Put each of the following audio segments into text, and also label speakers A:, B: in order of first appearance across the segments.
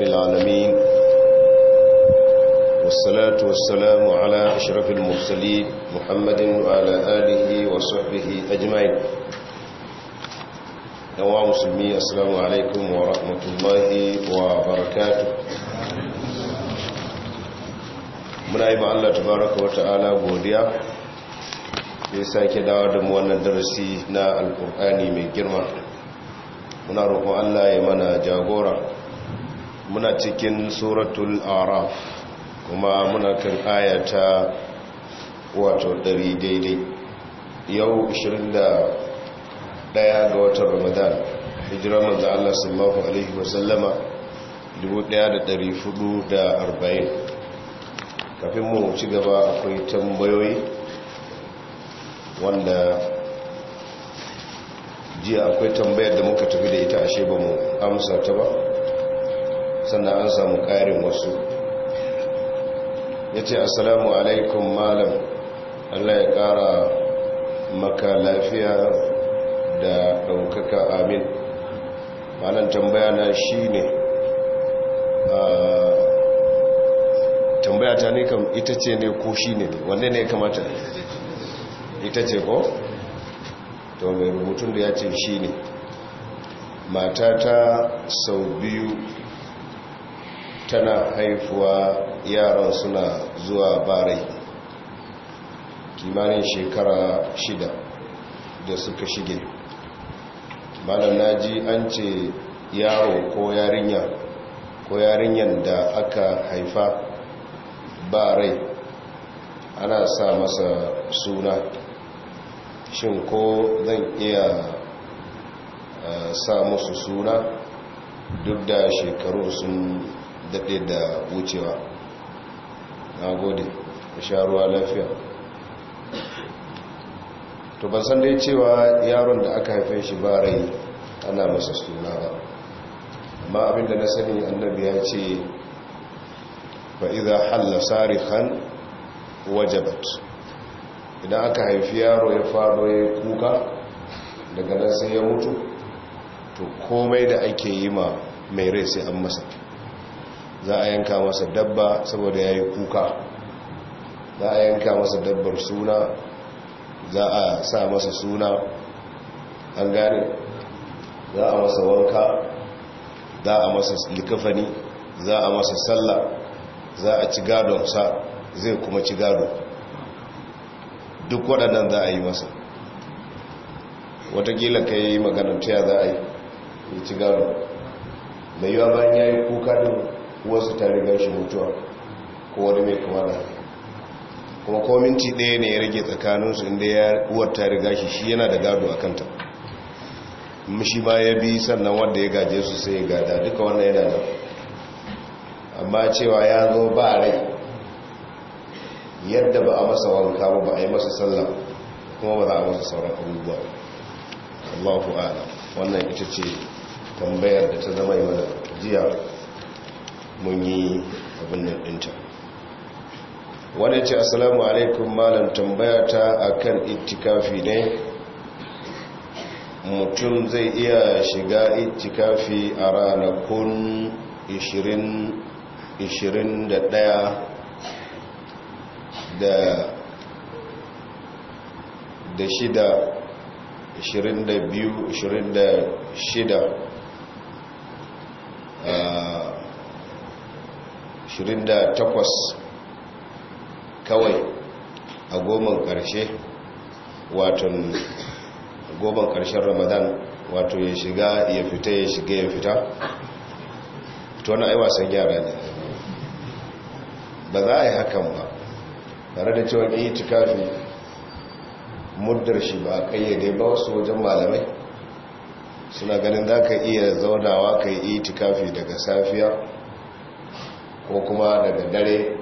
A: رب العالمين والصلاة والسلام على أشرف المرسلين محمد وعلى آله وصحبه أجمعين نواة مسلمين السلام عليكم ورحمة الله وبركاته من أيما الله تبارك وتعالى بوديا ya sake dawo da mu wannan darasi na alkur'ani mai girma muna roƙon Allah ya mana jagora muna cikin suratul araf kuma muna kan ayata wato ɗari daidai yau 21 ga watan ramadan hijirar manzo Allah sallallahu alaihi wasallama 1440 kafin mu ci gaba akwai tambayoyi wanda jiya akwai tambayar da muka tafi da ita ashe ba mu amsa ta ba sannan an samu ƙarin wasu ya ce assalamu alaikum malam allah ya ƙara maka lafiya da ɗaukaka amin malam tambaya na shi ne tambaya ta ne kam ita ce ne ko shi ne wanne ne kamata ita ce ko? to mai rubutun da ya ce shi ne mata ta sau biyu tana haifuwa yaran suna zuwa barai kimanin shekara shida da suka shige malam naji an ce yaro ko yarinya ko yarinyan da aka haifa barai ana sa masa suna shin ko zan iya eh, sa musu suna duk da shekaru sun daɗe da wucewa na gode da sharuwa lafiya to ban san dai cewa yaron da aka haife shi ba rai ana masa suna ba amma abinda na sani annabi ya ce ba idza halla sarihan wajabat idan aka haifi yaro ya faɗo ya kuka daga nan sai ya mutu to komai da ake yi ma mai rai sai an masa za a yanka masa dabba saboda ya yi kuka za a yanka masa dabbar suna za a sa masa suna an gane za a masa wanka za a masa likafani za a masa sallah za a ci gadonsa zai kuma ci gado duk waɗannan za a yi masa watakila ka yi maganar ta za a yi ci gado mai yiwa bayan ya yi kuka din wasu ta shi mutuwa ko wani mai kuma da kuma kominci minti ɗaya ne ya rage tsakaninsu inda ya uwar ta riga shi shi yana da gado a kanta mishi ba ya bi sannan wanda ya gaje su sai ya gada duka wannan yana da amma cewa ya zo ba rai yadda ba a masa wanka ba a yi masa sallah kuma ba za a masa sauran abubuwa Allahu ala wannan ita ce tambayar da ta zama yi mana jiya mun yi abin nan ɗinta wanda ce assalamu alaikum malam tambaya ta akan itikafi ne mutum zai iya shiga itikafi a ranakun 21 da da shida 22 26 28 kawai a goma karshe watan goma karshen ramadan wato ya shiga ya fita ya shiga ya fita to na aiwa wasan yara ne ba za a yi hakan ba tare da cewa yi tikafi muddar shi ba a kayyade ba wasu wajen malamai suna ganin za ka iya zaunawa ka yi itikafi daga safiya ko kuma daga dare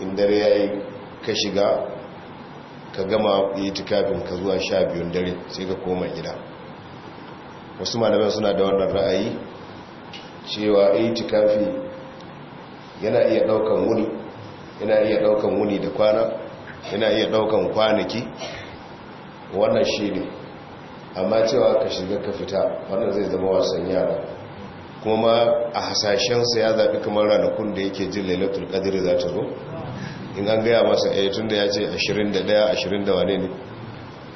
A: in dare ya yi ka shiga ka gama yi tukafin ka zuwa sha biyun dare sai ka koma gida wasu malamai suna da wannan ra'ayi cewa yi tukafi yana iya daukan wuni yana iya daukan wuni da kwana yana iya daukan kwanaki wannan shi ne amma cewa ka shiga ka fita wannan zai zama wasan yara kuma a hasashensa ya zaɓi kamar ranakun da yake jin lailatul ƙadiri za ta zo in an gaya masa a eh, tun da ya ce 21 20 wane ne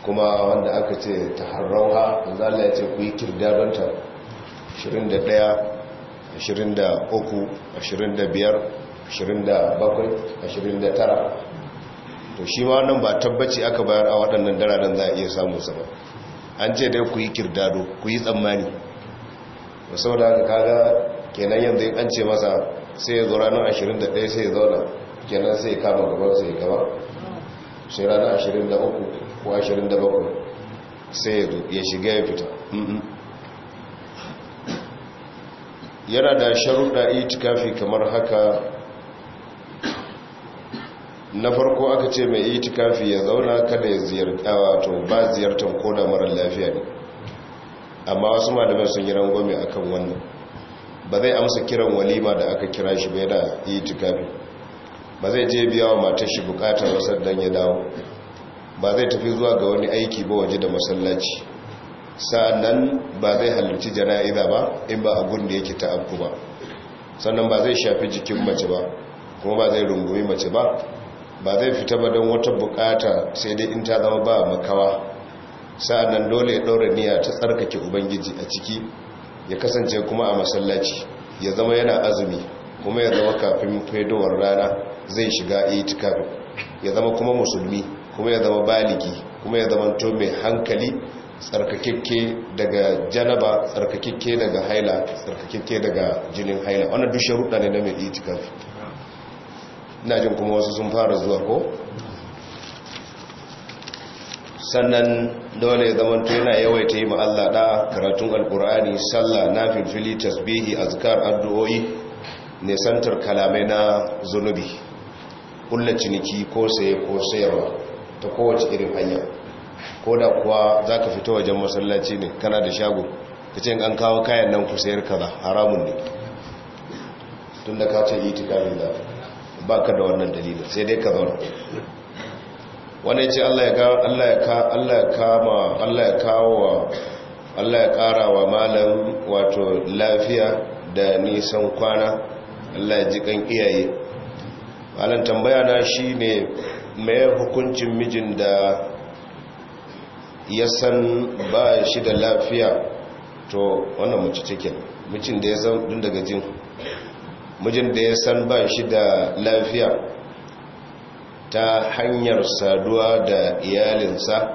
A: kuma wanda aka ce ta harrawa ha zala ya ce ku yi kirdaranta 21 23 25 27 29 to shi ma wannan ba tabbaci aka bayar a waɗannan dararen za a iya samun sa ba an ce dai ku yi kirdado ku yi tsammani da da haka kaga kenan yanzu ya ce masa sai ya zo ranar 21 sai ya zauna kenan sai ya kama gaban sai ya gaba sai ranar 23 ko 27 sai ya shiga ya fita yana da sharuɗa itikafi kamar haka na farko aka ce mai itikafi ya zauna kada ya ziyarta wato ba ziyartar ko da marar lafiya ne amma wasu malamai sun yi a kan wannan ba zai amsa kiran walima da aka kira shi bai da itikafi ba zai je biya wa matar shi bukatar wasar don ya dawo ba zai tafi zuwa ga wani aiki ba waje da masallaci sa'annan ba zai halarci jana'iza ba in ba abun da yake ta'abku ba sannan ba zai shafi jikin mace ba kuma ba zai rungumi mace ba ba zai fita ba don wata bukata sai dai in ta zama ba makawa sa'annan dole ya ɗaura niyya ta tsarkake ubangiji a ciki ya kasance kuma a masallaci ya zama yana azumi kuma ya zama kafin fedowar rana zai shiga itikafin ya zama kuma musulmi kuma ya zama baligi kuma ya zama to mai hankali tsarkakekke daga janaba tsarkakekke daga haila tsarkakekke daga jinin haila wannan dushe sharuɗa ne na mai itikafi ina jin kuma wasu sun fara zuwa ko sannan dole ya zamanto yana ta yi ma'alla da karatun alkur'ani sallah na filfili tasbihi azkar addu'o'i santar kalamai na zunubi kulla ciniki ko saye ko sayarwa ta kowace irin hanya ko da kuwa za ka fito wajen masallaci ne kana da shago ka ce an kawo kayan nan ku sayar kaza haramun ne tun da ka ce itikafin da ba ka da wannan dalilin sai dai ka zauna wani ce Allah ya Allah ya ka Allah ya kama Allah ya kawo Allah ya kara wa malam wato lafiya da nisan kwana Allah ya ji kan iyaye malam tambaya na shi ne me hukuncin mijin da ya san ba shi da lafiya to wannan mace cikin mijin da ya san din daga jin mijin da ya san ba shi da lafiya ta hanyar saduwa da iyalinsa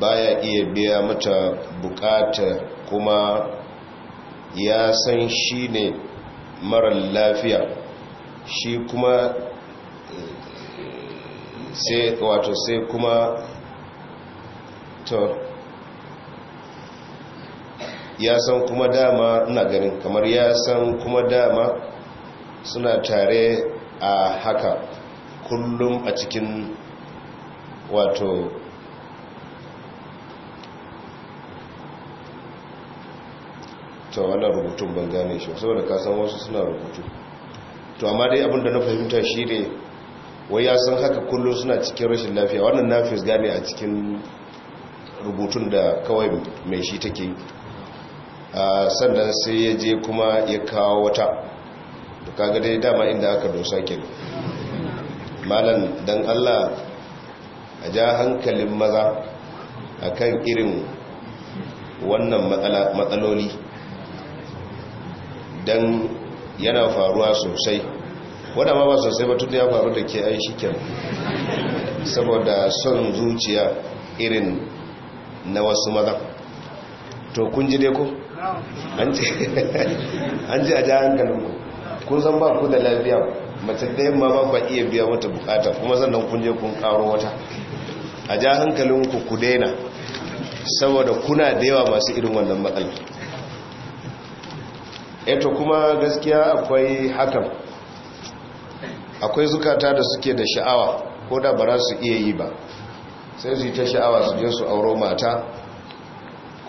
A: baya iya biya mata bukata kuma ya san shi ne marar lafiya shi kuma sai wato sai kuma to ya san kuma dama ina ganin kamar ya san kuma dama suna tare a haka kullum a cikin wato tawana rubutun ban gane shi saboda kasan wasu suna rubutu to amma dai abinda na fahimta shi ne wai ya san haka kullum suna cikin rashin lafiya wannan nafis gane a cikin rubutun da kawai mai shi take sannan sai ya je kuma ya kawo wata da kaga dai dama inda aka dosa kenan malam don allah a ja hankalin maza a kan irin wannan matsaloli don yana faruwa sosai wadda ma ba sosai ba tun ya faru da ke an shiken saboda son zuciya irin na wasu maza to kun ji dai ku an ji a ja ku kun san ba ku da lafiya mace ɗayan ma ba kwa iya biya mata bukata kuma sannan kun je kun karo wata a ja hankalinku ku daina saboda kuna da yawa masu irin wannan matsala eto eh kuma gaskiya akwai hakan akwai zukata da suke da sha'awa ko da ba su iya yi ba sai su yi ta sha'awa su je su auro mata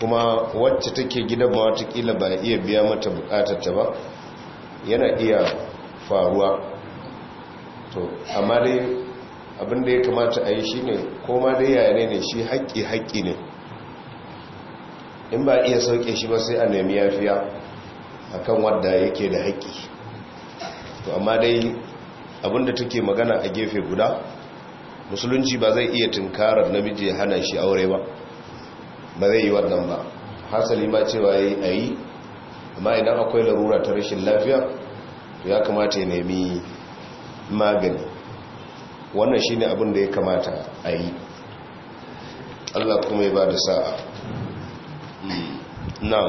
A: kuma wacce take gida ba watakila ba iya biya mata ta ba yana iya faruwa to amma dai abinda ya kamata a yi shi ne koma dai yayane ne shi haƙƙi haƙƙi ne in ba iya sauƙe shi ba sai a nemi yafiya kan wadda yake da haƙƙi to amma dai abinda take magana a gefe guda musulunci ba zai iya tunkarar namiji ya hana shi aure ba ba zai yi wannan ba hasali ma cewa ya yi a yi amma idan akwai larura ta rashin lafiya ya kamata ya nemi magani wannan shine abin da ya kamata a yi Allah kuma ya ba da sa'a hmm. na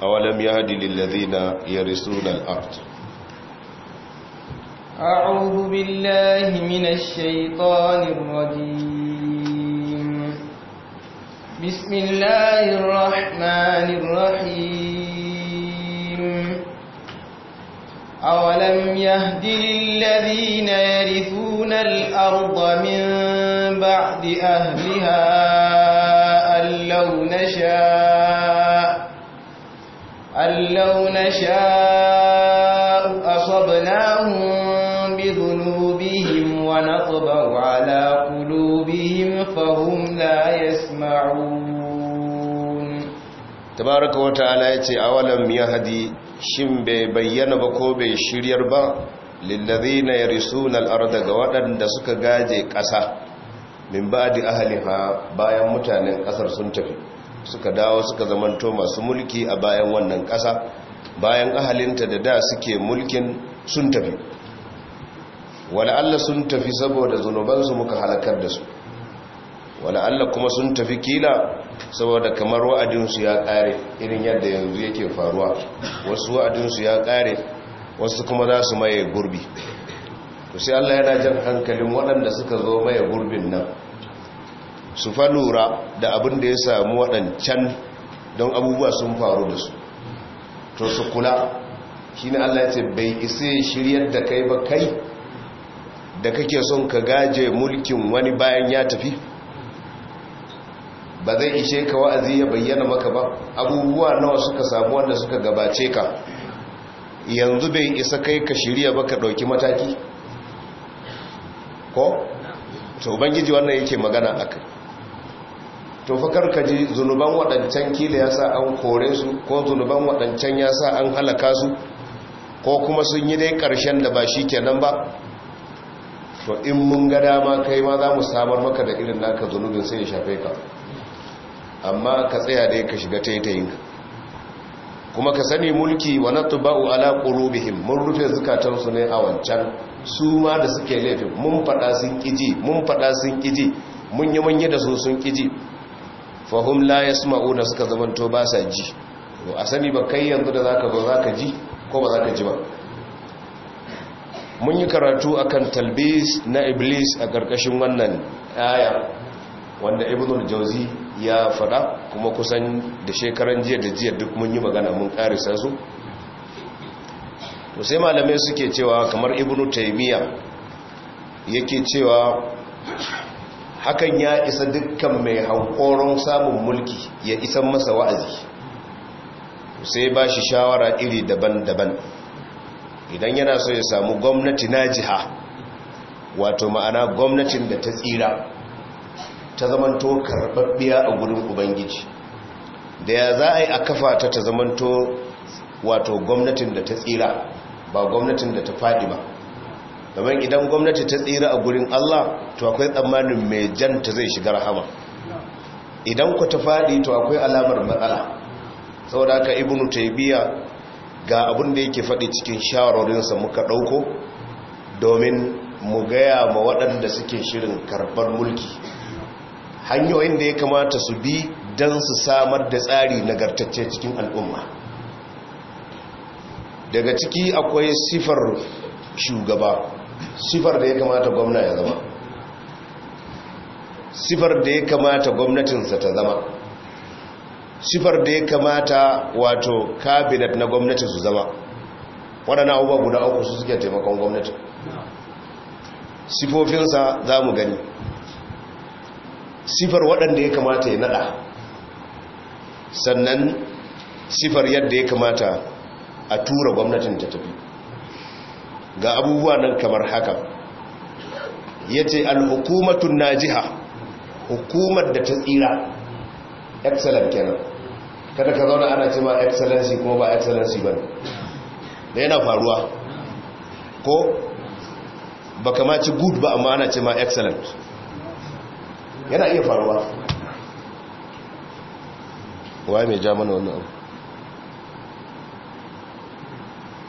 A: awalam yahdi lil ladina yarisuna al-ard
B: a'udhu billahi minash shaitanir rajim bismillahir rahmanir
A: أولم يهد للذين يرثون الأرض من بعد أهلها أن لو نشاء أن لو نشاء أصبناهم بذنوبهم ونطبع على قلوبهم فهم لا يسمعون تبارك وتعالى يتي أولم يهدي shin bai bayyana ba ko bai shiryar ba lillazina yarisuna al-arda ga waɗanda suka gaje ƙasa min ba'di ahliha bayan mutanen ƙasar sun tafi suka dawo suka zamanto masu mulki a bayan wannan ƙasa bayan ahalinta da da suke mulkin sun tafi wala Allah sun tafi saboda zunubansu muka halakar da su wala Allah kuma sun tafi kila saboda kamar wa'adinsu ya ƙare irin yadda yanzu yake faruwa wasu wa'adinsu ya ƙare wasu kuma za su maye gurbi to sai Allah yana jan hankalin waɗanda suka zo maye gurbin nan su fa lura da abin da ya samu waɗancan don abubuwa sun faru da su to su kula shi ne Allah ya ce bai isa shiryar da kai ba kai da kake son ka gaje mulkin wani bayan ya tafi ba zai ishe ka wa'azi ya bayyana maka ba abubuwa nawa suka samu wanda suka gabace ka yanzu bai isa kai ka shirya ba ka ɗauki mataki ko? to bangiji wannan yake magana a kai to fakar ka ji zunuban waɗancan kila ya sa an kore su ko zunuban waɗancan ya sa an halaka su ko kuma sun yi dai ƙarshen da ba shi kenan ba to in mun ga dama kai ma za mu samar maka da irin naka zunubin sai ya shafe ka amma ka tsaya dai ka shiga taitayin kuma ka sani mulki wa natba'u ala qulubihim mun rufe zukatansu ne a wancan su ma da suke laifin mun fada sun kiji mun fada sun kiji mun yi manye da su sun kiji fahum la yasma'una suka zamanto ba sa ji to a sani ba kai yanzu da zaka zo zaka ji ko ba zaka ji ba mun yi karatu akan talbis na iblis a karkashin wannan aya wanda ibnul jawzi ya fada kuma kusan da shekaran jiya da jiya duk mun yi magana mun karisa su sai malamai suke cewa kamar ibnu taymiya yake cewa hakan ya isa dukkan mai hankoron samun mulki ya isa masa wa'azi sai ba shi shawara iri daban-daban idan yana so ya samu gwamnati na jiha wato ma'ana gwamnatin da ta tsira ta zamanto karbabbiya a gurin ubangiji da ya za a yi a kafa ta ta zamanto wato gwamnatin da ta tsira ba gwamnatin da ta faɗi ba domin idan gwamnati ta tsira a gurin Allah to akwai tsammanin mai janta zai shiga rahama idan ku ta faɗi to akwai alamar matsala saboda haka ibnu biya ga abin da yake faɗi cikin shawarorinsa muka ɗauko domin mu gaya ma waɗanda suke shirin karɓar mulki hanyoyin da ya kamata su bi don su samar da tsari nagartacce cikin al'umma daga ciki akwai sifar shugaba sifar da ya kamata gwamna ya zama sifar da ya kamata gwamnatinsa ta zama sifar da ya kamata wato kabinet na gwamnati su zama waɗannan abubuwa guda uku su suke taimakon gwamnati sifofinsa za mu gani sifar waɗanda ya kamata ya naɗa sannan sifar yadda ya kamata a tura gwamnatin ta tafi ga abubuwa nan kamar haka ya ce na najiha hukumar da ta tsira excellent kenan kada ka zauna ana ce ma excellency kuma ba excellency ba da yana faruwa ko ba kamaci good ba amma ana ce ma excellent yana iya faruwa wa mai ja mana wannan abu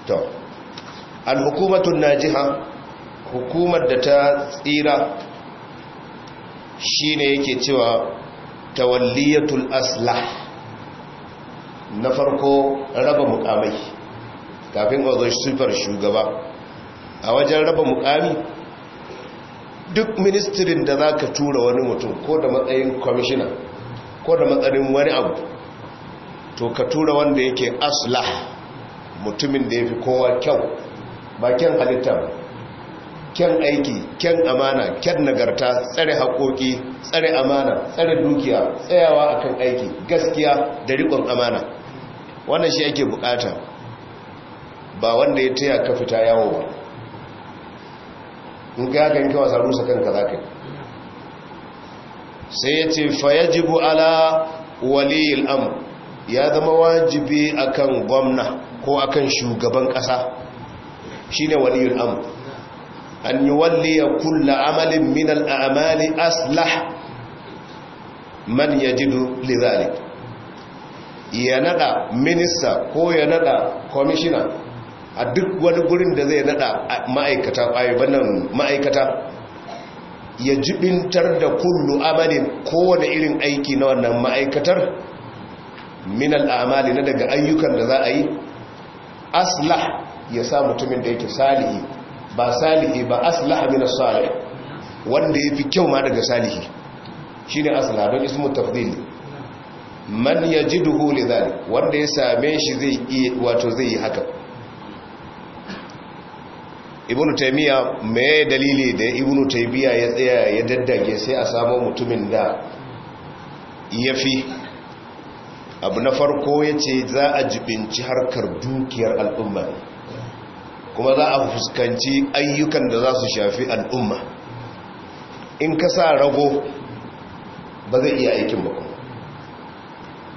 A: to al-hukumatun najiha hukumar da ta tsira shine yake cewa tawalliyatul aslah na farko raba mukamai kafin wazo sifar shugaba a wajen raba mukami duk ministirin da za ka tura wani mutum ko da matsayin kwamishina ko da matsayin wani abu to ka tura wanda yake asla mutumin da ya fi kowa kyau ba kyan halitta kyan aiki kyan amana kyan nagarta tsare haƙoƙi tsare amana tsare dukiya tsayawa akan aiki gaskiya da riƙon amana wannan shi ake bukata ba wanda ya taya ka fita yawo ba in ka yakan kyau a saru sa kanka za ka yi sai ya ce fayajibu ala waliyil amur ya zama wajibi akan gwamna ko akan shugaban ƙasa shine waliyil amur an yi walliya kulla amalin minal amali aslah man jidu lidhalik ya nada minista ko ya nada kwamishina a duk wani gurin da zai nada ma'aikata nan ma'aikata ya jibintar da kullu amalin kowane irin aiki na wannan ma'aikatar min al'amali na daga ayyukan da za a yi asla ya sa mutumin da yake salihi ba salihi ba asla min as-salih wanda yafi kyau ma daga salihi shine asla don ismu tafdil man yajiduhu lidhalik wanda ya same shi zai wato zai yi haka ibnu taymiya me dalili da ibn taymiya ya tsaya ya daddage sai a samu mutumin da ya fi abu na farko yace za a jibinci harkar dukiyar al'umma kuma za a fuskanci ayyukan da za su shafi al'umma in ka sa rago ba zai iya aikin ba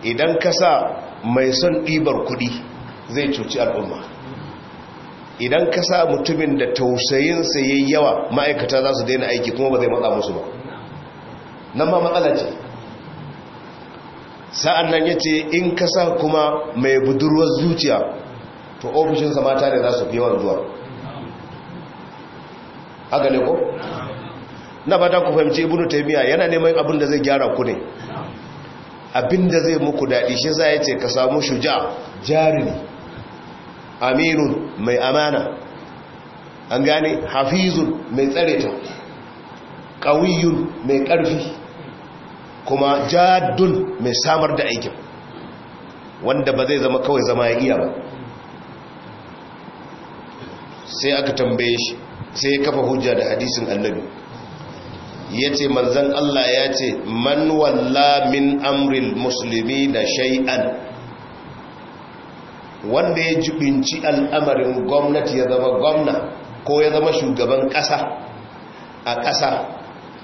A: idan ka sa mai son ɗibar kuɗi zai cuci al'umma idan ka sa mutumin da tausayinsa ya yi yawa ma'aikata za su daina aiki kuma ba zai matsa musu ba nan ma matsala ce sa'an nan ya ce in ka sa kuma mai budurwar zuciya to ofishinsa mata ne za su fi yawan zuwa haka ne ko? na fata ku fahimci ibnu taimiyya yana neman abin da zai gyara ku ne abin da zai muku daɗi shi za ya ce ka samu shuja jarumi aminun mai amana an gane hafizun mai tsareta ƙawiyun mai ƙarfi kuma jadun mai samar da aikin wanda ba zai zama kawai zama ya iya ba sai aka tambaye shi sai ya kafa hujja da hadisin annabi ya ce manzan Allah ya ce man min amril musulmi da shay'an wanda ya jibinci al'amarin gwamnati ya zama gwamna ko ya zama shugaban ƙasa a ƙasa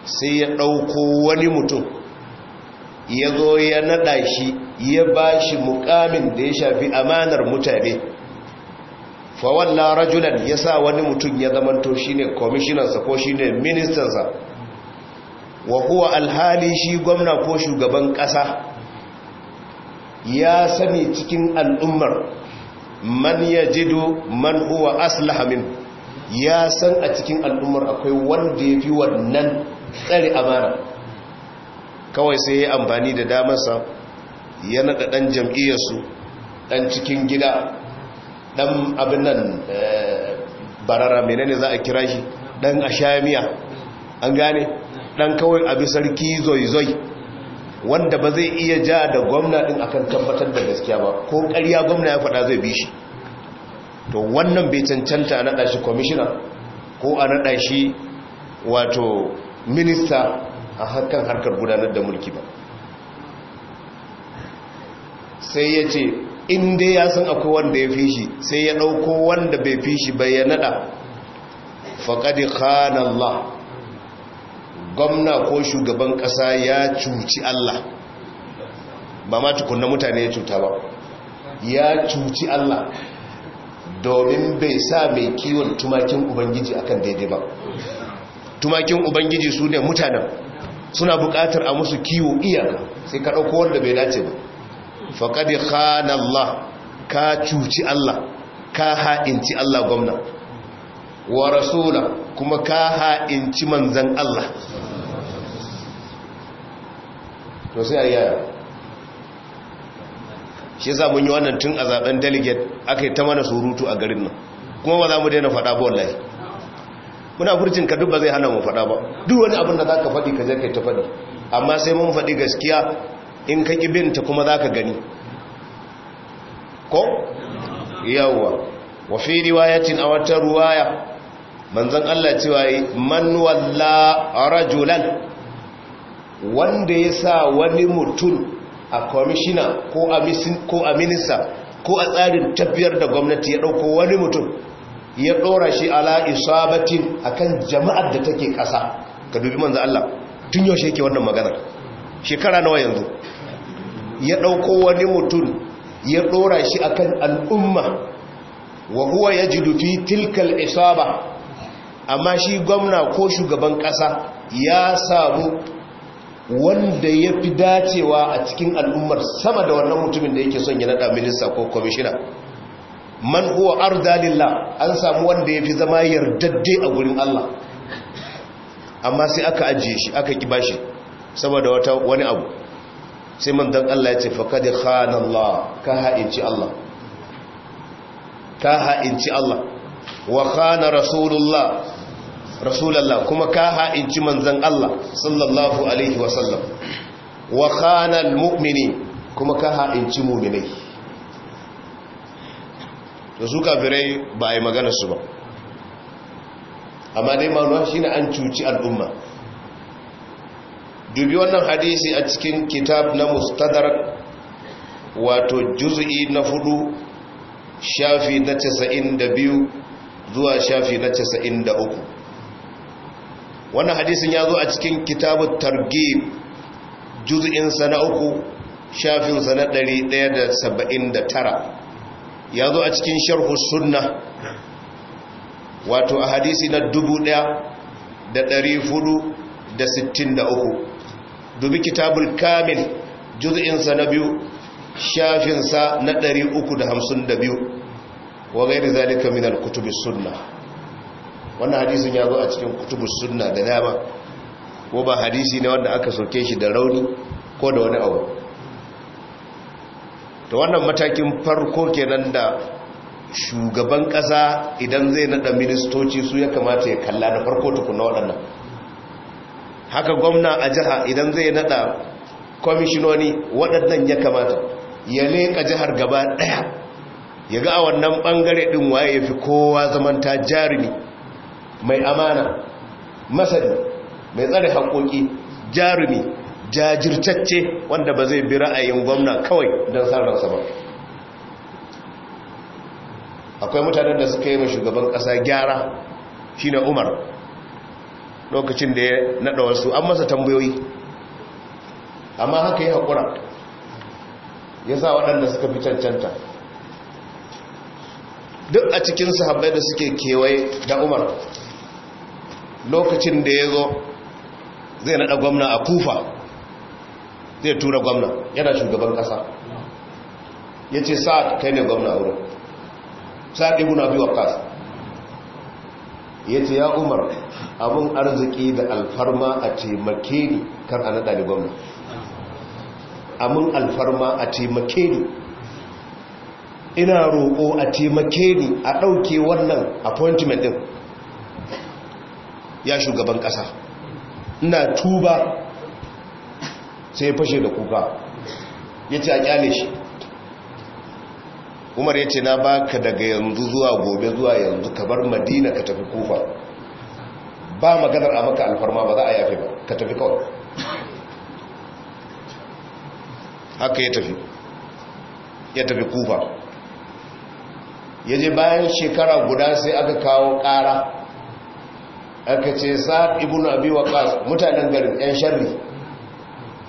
A: sai ya ɗauko wani mutum ya zo ya naɗa shi ya ba shi mukamin da ya shafi amanar mutane fawalla rajulan ya sa wani mutum ya zama zamanto shi ne kwamishinansa ko shi ne ministansa wa kuwa alhali shi gwamna ko shugaban ƙasa ya sani cikin al'ummar man ya jido man huwa aslaha ya san a cikin al'ummar akwai wanda ya fi wannan tsari amara kawai sai ya amfani da damarsa ya naɗa ɗan jam'iyyarsu ɗan cikin gida ɗan abin nan eh, barara menene za a kira shi ɗan ashamiya an gane ɗan kawai abi sarki zoizoi wanda ba zai iya ja da gwamna din akan tabbatar da gaskiya ba ko ƙarya gwamna ya faɗa zai bi shi to wannan bai cancanta a naɗa shi kwamishina ko a naɗa shi wato minista a harkar harkar gudanar da mulki ba sai ya ce inda ya san akwai wanda ya fi shi sai ya ɗauko wanda bai fi shi bai ya naɗa faƙaɗi khanallah gwamna ko shugaban ƙasa ya cuci Allah ba ma tukunan mutane ya cuta ba ya cuci Allah domin bai sa mai kiwon tumakin ubangiji akan daidai ba tumakin ubangiji su ne mutanen suna buƙatar a musu kiwo iya, sai ka ɗauko wanda bai dace ba faƙaɗi khana Allah ka cuci Allah ka ha'inci Allah gwamna wa rasula kuma ka ha'inci manzan Allah to sai a shi za mun yi wannan tun a zaben delegate aka yi ta mana surutu a garin nan kuma ba za mu daina faɗa ba wallahi muna furcin ka duk ba zai hana mu faɗa ba duk wani abin da za ka faɗi ka je kai ta faɗi amma sai mun faɗi gaskiya in ka ƙi binta kuma za ka gani ko yawwa wa fi riwayatin a wata ruwaya manzan Allah cewa man walla rajulan wanda ya sa wani mutum a kwamishina ko a minista ko a tsarin tafiyar da gwamnati ya dauko wani mutum ya dora shi ala isabatin akan jama'ar da take kasa ka dubi manzan Allah tun yaushe yake wannan magana shekara nawa yanzu ya dauko wani mutum ya dora shi akan al'umma wa huwa yajidu fi tilkal isaba amma shi gwamna ko shugaban ƙasa ya samu wanda ya fi dacewa a cikin al'ummar sama da wannan mutumin da yake son ya naɗa minista ko kwamishina man huwa ardalillah an samu wanda ya fi zama yardadde a gurin Allah amma sai aka ajiye shi aka kiba shi saboda wata wani abu sai manzon Allah ya ce faqad khana Allah ka ha'inci Allah ka ha'inci Allah wa khana rasulullah rasulallah kuma ka ha'inci manzan Allah sallallahu alaihi wasallam wa khanal mu'mini kuma ka ha'inci mu'minai da su kafirai ba a yi magana su ba amma dai manuwa shi an cuci al'umma dubi wannan hadisi a cikin kitab na mustadar wato juzu'i na fudu shafi na casa'in da biyu zuwa shafi na casa'in da uku wannan hadisin ya zo a cikin kitabu targhib juz'in sana uku shafin sana 179 ya zo a cikin sharhu sunna wato a hadisi na 1463 dubi kitabul kamil juz'in na biyu shafin sa na 352 wa gairi zalika min al-kutubi sunnah wannan hadisin ya zo a cikin kutubus sunna da dama ko ba hadisi ne wanda aka soke shi da rauni ko da wani abu to wannan matakin farko kenan da shugaban kasa idan zai nada ministoci su ya kamata ya kalla da farko tukuna waɗannan haka gwamna a jiha idan zai nada kwamishinoni waɗannan ya kamata ya leƙa jihar gaba ɗaya ya ga a wannan ɓangare ɗin waye ya fi kowa zamanta jarumi mai amana masani mai tsare haƙoƙi jarumi jajircacce, wanda ba zai bi ra'ayin gwamna kawai don sararsa ba akwai mutanen da suka yi ma shugaban ƙasa gyara shi na umar lokacin da ya naɗa wasu an masa tambayoyi amma haka yi haƙura ya sa waɗanda suka fi cancanta duk a cikin sahabbai da suke kewaye da umar lokacin da ya zo zai naɗa gwamna a kufa zai tura gwamna yana shugaban ƙasa ya ce sa'ad kai ne gwamna a wurin sa'ad biyu a kasa ya ce ya umar abin arziki da alfarma a taimake ni kan a naɗa ne gwamna amin alfarma a taimake ni ina roƙo a taimake ni a ɗauke wannan appointment ɗin ya shugaban ƙasa ina tuba sai ya fashe da kuka ya ce a kyale shi umar ya ce na baka daga yanzu zuwa gobe zuwa yanzu ka bar madina ka tafi kufa ba maganar a maka alfarma ba za a yafe ba ka tafi kawai haka ya tafi ya tafi kufa ya je bayan shekara guda sai aka kawo ƙara aka ce sa'ad ibn abi waqas mutanen garin yan sharri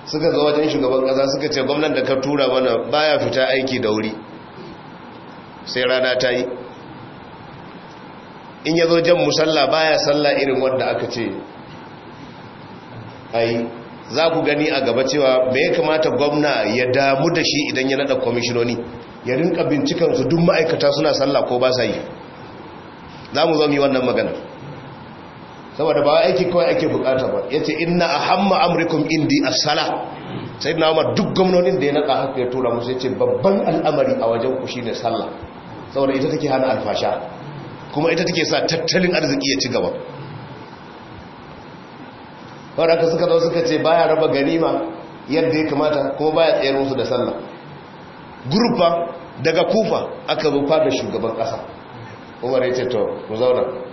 A: suka zo wajen shugaban kasa suka ce gwamnan da ka tura mana baya fita aiki da wuri sai rana ta yi in ya zo jan musalla baya salla irin wanda aka ce ai za ku gani a gaba cewa me ya kamata gwamna ya damu da shi idan ya nada kwamishinoni ya rinka bincikansu duk ma'aikata suna salla ko ba sa yi za mu zo mu wannan maganar saboda ba aiki kawai ake bukata ba yace inna hamma amurikun indi a sala sai na Umar duk gwamnonin da ya naka haka ya tura musu ya ce babban al'amari a wajen ku ne sallah saboda ita take hana alfasha kuma ita take sa tattalin arziki ya ci gaba wadda ka suka zo suka ce baya raba ganima yadda ya kamata kuma baya tsayar musu da sallah gurfa daga kufa aka zo da shugaban kasa Umar ya ce to ku zauna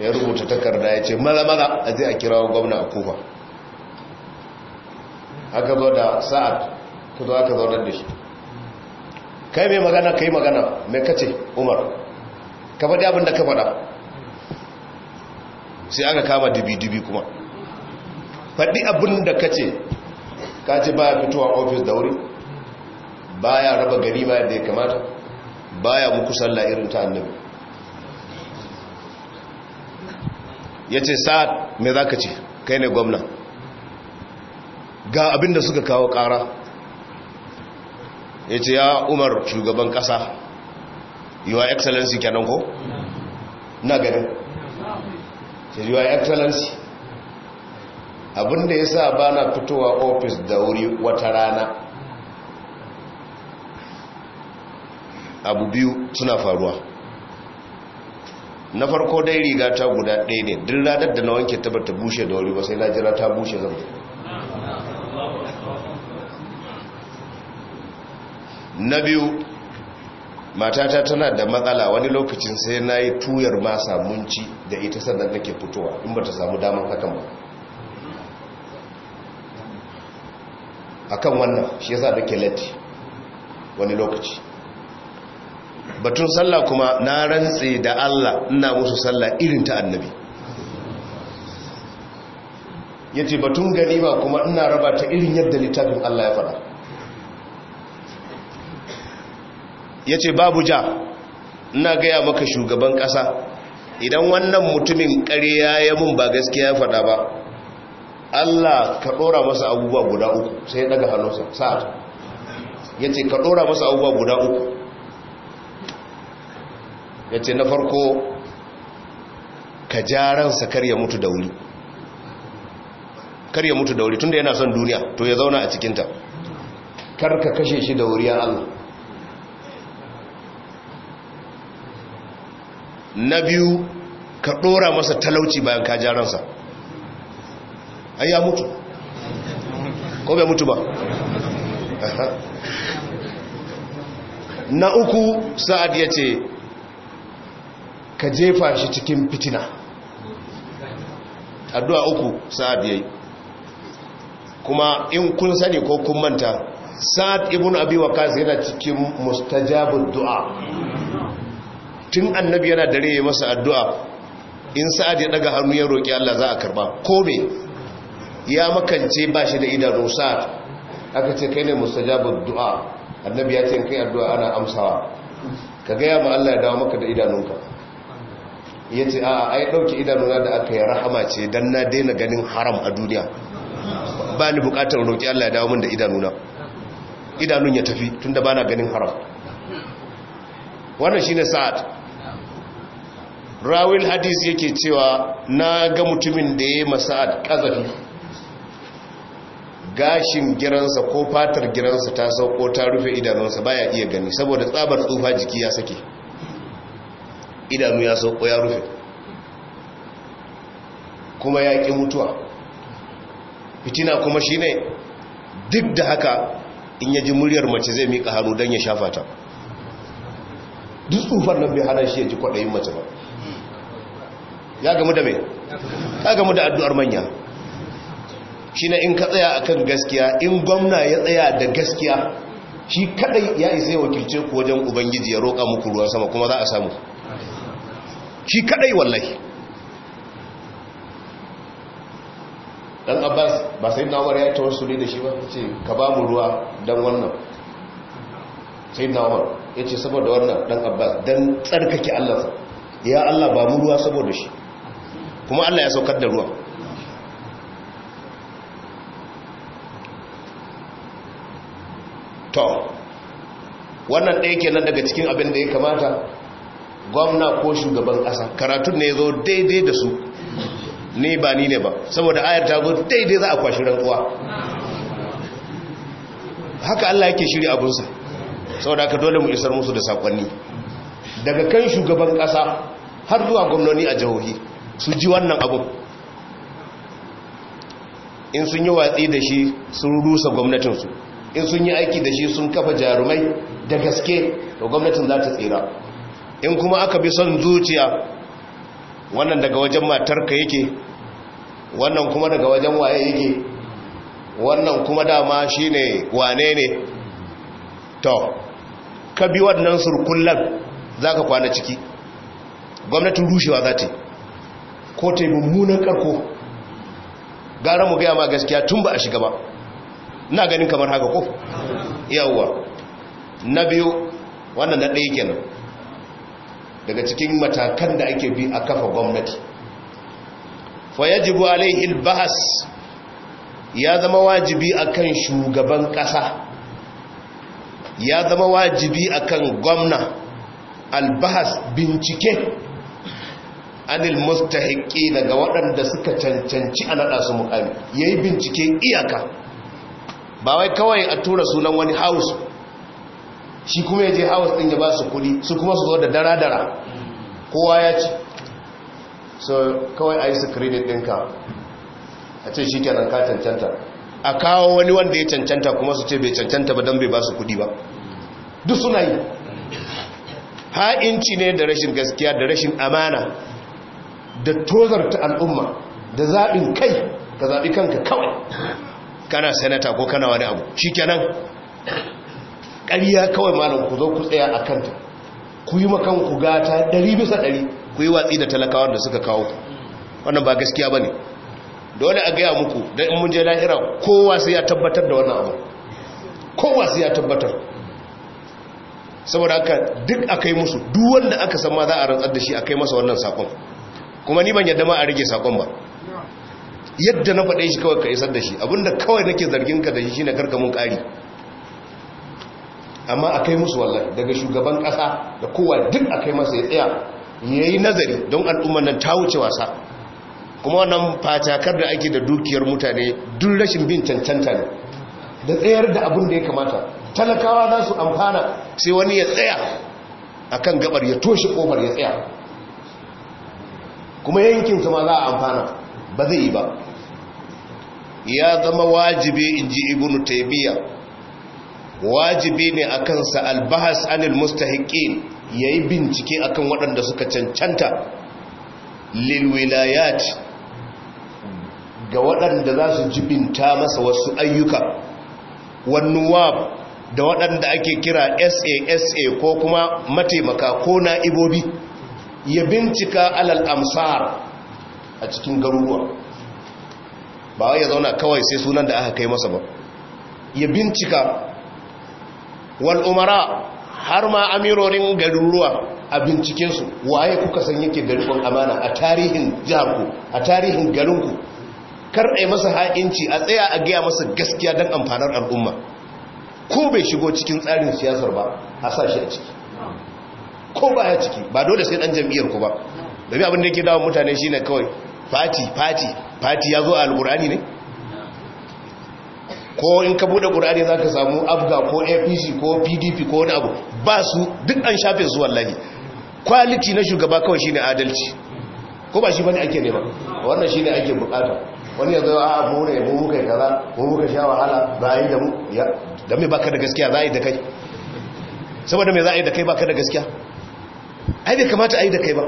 A: ya rubuta takarda ya ce mara-mara a zai a kirawo gwamna a kufa aka zo da sa'ad ku zo aka zaunar da shi kai mai magana kai magana mai kace umar ka faɗi abin da ka faɗa sai aka kama dubi-dubi kuma faɗi abin da kace kace baya fitowa ofis da wuri baya raba gari ma yadda ya kamata baya muku sallah irin ta annabi ya ce sa'ad mai za ka ce kai ne gwamna ga abin da suka kawo ƙara ya ce ya umar shugaban ƙasa yiwa excellency kenan ko? na ganin ce yiwa excellency abin da ya sa ba na fitowa ofis da wuri wata rana abu biyu suna faruwa na farko dai riga ta guda ɗaya ne duk ranar da na wanke ta bushe da wuri ba sai na jira ta bushe zan na biyu matata tana da matsala wani lokacin sai na yi tuyar ma samunci da ita sannan nake fitowa in ba ta samu damar hakan ba A kan wannan shi yasa da ke wani lokaci batun sallah kuma na rantse da Allah ina musu sallah irin ta annabi yace batun ba kuma ina raba ta irin yadda littafin Allah ya fara yace babu ja ina gaya maka shugaban kasa idan wannan mutumin ƙarya ya mun ba gaskiya ya fada ba Allah ka dora masa abubuwa guda uku sai ya daga hannunsa sa'a yace ka dora masa abubuwa guda uku ya ce na farko ka jaransa kar ya mutu da wuri kar ya mutu da wuri tunda yana son duniya to ya zauna a cikinta kar ka kashe shi da wuri ya Allah na biyu ka ɗora masa talauci bayan ka jaransa ai ya mutu ko bai mutu ba na uku sa'ad ya ce ka jefa shi cikin fitina addu'a uku sa'ad kuma in kun sani ko kun manta sa'ad ibn abi waqas yana cikin mustajabud du'a tun annabi yana dare ya masa addu'a in sa'ad ya daga hannu ya roki Allah za a karba ko me ya makance ba shi da idanu sa'ad aka ce kai ne mustajabud du'a annabi ya ce kai addu'a ana amsawa ka ga ya ma Allah ya dawo maka da idanunka ya ce a ai ɗauki idanuna da aka yi rahama ce don na daina ganin haram a duniya ba ni bukatar roƙi Allah ya dawo min da idanuna idanun ya tafi tun da ba na ganin haram wannan shi ne sa'ad rawil hadis yake cewa na ga mutumin da ya yi masa'ad ƙazafi gashin giransa ko fatar giransa ta sauko ta rufe idanunsa baya iya gani saboda tsabar tsufa jiki ya sake idanu ya sauko ya rufe kuma ya ƙi mutuwa fitina kuma shi ne duk da haka in yaji muryar mace zai miƙa hannu don ya shafa ta duk tsufar nan bai hana shi ya ji kwaɗayin mace ba ya gamu da mai ya gamu da addu'ar manya shi na in ka tsaya akan gaskiya in gwamna ya tsaya da gaskiya shi kadai ya isa wakilce ku wajen ubangiji ya roƙa muku ruwan sama kuma za a samu shi kadai wallahi dan abbas ba sai na umar ya ta wasu ne da shi ba ce ka ba mu ruwa dan wannan sai na umar ya ce saboda wannan dan abbas dan tsarkake allah ya allah ba mu ruwa saboda shi kuma allah ya saukar da ruwa, to wannan ɗaya ke nan daga cikin abin da ya kamata gwamna ko shugaban kasa, karatun ne zo daidai da su ne ba ni ne ba saboda ayar ta zo daidai za a kwashi rantsuwa haka Allah yake shiri abunsa saboda haka dole mu isar musu da sakonni daga kan shugaban kasa har zuwa gwamnoni a jihohi su ji wannan abu in sun yi watsi da shi sun rusa gwamnatinsu in sun yi aiki da shi sun kafa jarumai da gaske Da gwamnatin za ta tsira in kuma aka bi son zuciya wannan daga wajen matarka yake wannan kuma daga wajen waye yake wannan kuma dama shine wane ne to ka bi wannan za ka kwana ciki gwamnatin rushewa za ta ko ta yi mummunan karko gara mu gaya ma gaskiya tun ba a shiga ba na ganin kamar haka ko yawwa na biyu wannan na ɗaya kenan daga cikin matakan da ake bi a kafa gwamnati fayajibu alaihi albahas ya zama wajibi akan shugaban kasa ya zama wajibi akan gwamna albahas bincike anil mustahiki daga waɗanda suka cancanci a naɗa su mukami yi bincike iyaka ba wai kawai a tura sunan wani house shi kuma ya je hawas din ya ba su kuɗi su kuma su zo da dara-dara kowa ya ci so kawai a yi su credit ɗinka a ce shi kenan ka cancanta a kawo wani wanda ya cancanta kuma su ce bai cancanta ba don bai ba su kuɗi ba duk suna yi ha'inci ne da rashin gaskiya da rashin amana da ta al'umma da zaɓin kai ka zaɓi kanka kawai kana senata ko kana wani abu shi kenan ƙariya kawai malam ku zo ku tsaya a kanta ku yi makan ku gata ɗari ku yi watsi da talakawar da suka kawo wannan ba gaskiya ba ne dole a gaya muku da in mun je lahira kowa sai ya tabbatar da wannan abu kowa sai ya tabbatar saboda haka duk aka yi musu duk wanda aka san ma za a rantsar da shi aka yi masa wannan sakon kuma ni ban yadda ma a rage sakon ba yadda na faɗe shi kawai ka isar da shi abinda kawai nake zargin ka da shi shine karkamin ƙari amma a kai musu wallahi daga shugaban kasa da kowa duk a kai masa ya tsaya ya yi nazari don al'ummar nan ta wuce wasa kuma wannan fatakar da ake da dukiyar mutane duk rashin bin cancanta ne da tsayar da abin da ya kamata talakawa za su amfana sai wani ya tsaya a kan gabar ya toshe kofar ya tsaya kuma yankin ma za a amfana ba zai yi ba ya zama wajibi in ji ibnu taimiyya wajibi ne a kansa albahas anil ya yi bincike a kan waɗanda suka cancanta lilwilayat ga waɗanda za su jibinta masa wasu ayyuka wannuwab da waɗanda ake kira SASA ko kuma mataimaka ko na'ibobi ya bincika alal amsar a cikin garuruwa ba ya zauna kawai sai sunan da aka kai masa ba ya bincika wal umara har ma amirorin garuruwa a bincikensu waye kuka san yake da amana a tarihin jiharku a tarihin garinku Karɗai masa ha'inci a tsaya a gaya masa gaskiya don amfanar al'umma ko bai shigo cikin tsarin siyasar ba a sa shi a ciki ko ba ya ciki ba dole sai ɗan jam'iyyar ku ba da abin da yake dawo mutane shi ne kawai fati fati fati ya zo a alkurani ne ko in ka bude za ka samu Afga ko apc ko pdp ko wani abu ba su duk an shafe su wallahi Kwaliti na shugaba kawai shine adalci ko ba shi bane ake nema wannan shine ake bukata wani yanzu a abu ne mu kai kaza ko muka sha wahala bayan yi da mu ya da me baka da gaskiya za a yi da kai saboda me za a yi da kai baka da gaskiya ai bai kamata a yi da kai ba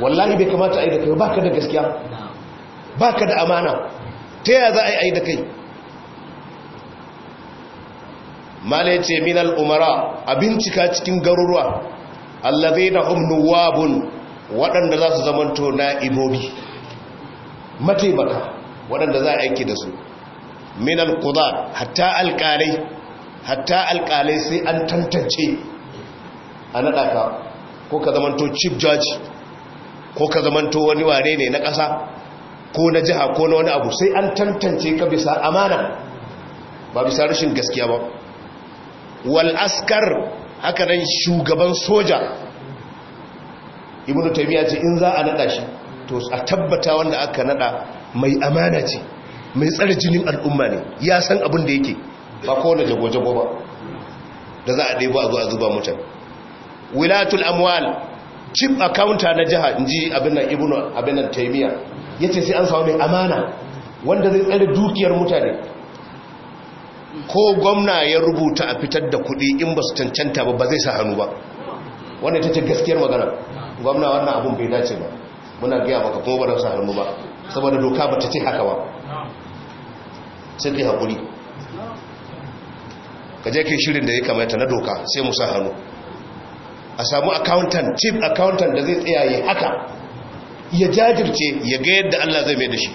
A: wallahi bai kamata a yi da kai baka da gaskiya baka da amana ta yaya za a yi da kai malai ce min al’umara a bincika cikin garuruwa allazai na umnu wabun waɗanda za su zamanto na ibobi mataimaka waɗanda za a aiki da su minal kudan hatta alƙalai hatta alƙalai sai an tantance a naɗa ka ko ka zamanto chief judge ko ka zamanto wani ware ne na ƙasa ko na jiha ko na wani abu sai an tantance ka bisa amana ba bisa rashin gaskiya ba wal askar haka nan shugaban soja ibnu taymiya ce in za a nada shi to a tabbata wanda aka nada mai amana ce mai tsare jinin al'umma ne ya san abin da yake ba na jago-jago ba da za a ɗebo a zo a zuba mutan wilatul amwal chip accounta na jiha inji abin nan ibnu abin nan taymiya ya ce sai an samu mai amana wanda zai tsare dukiyar mutane ko gwamna ya rubuta a fitar da kuɗi in ba su cancanta ba ba zai sa hannu ba wanda ta ce gaskiyar magana gwamna wannan abun bai dace ba muna gaya maka kuma ba sa hannu ba saboda doka ba ta ce haka ba sai kai haƙuri ka je kai shirin da ya kamata na doka sai mu sa hannu a samu accountant chief accountant da zai tsaya haka ya jajirce ya ga yadda Allah zai mai da shi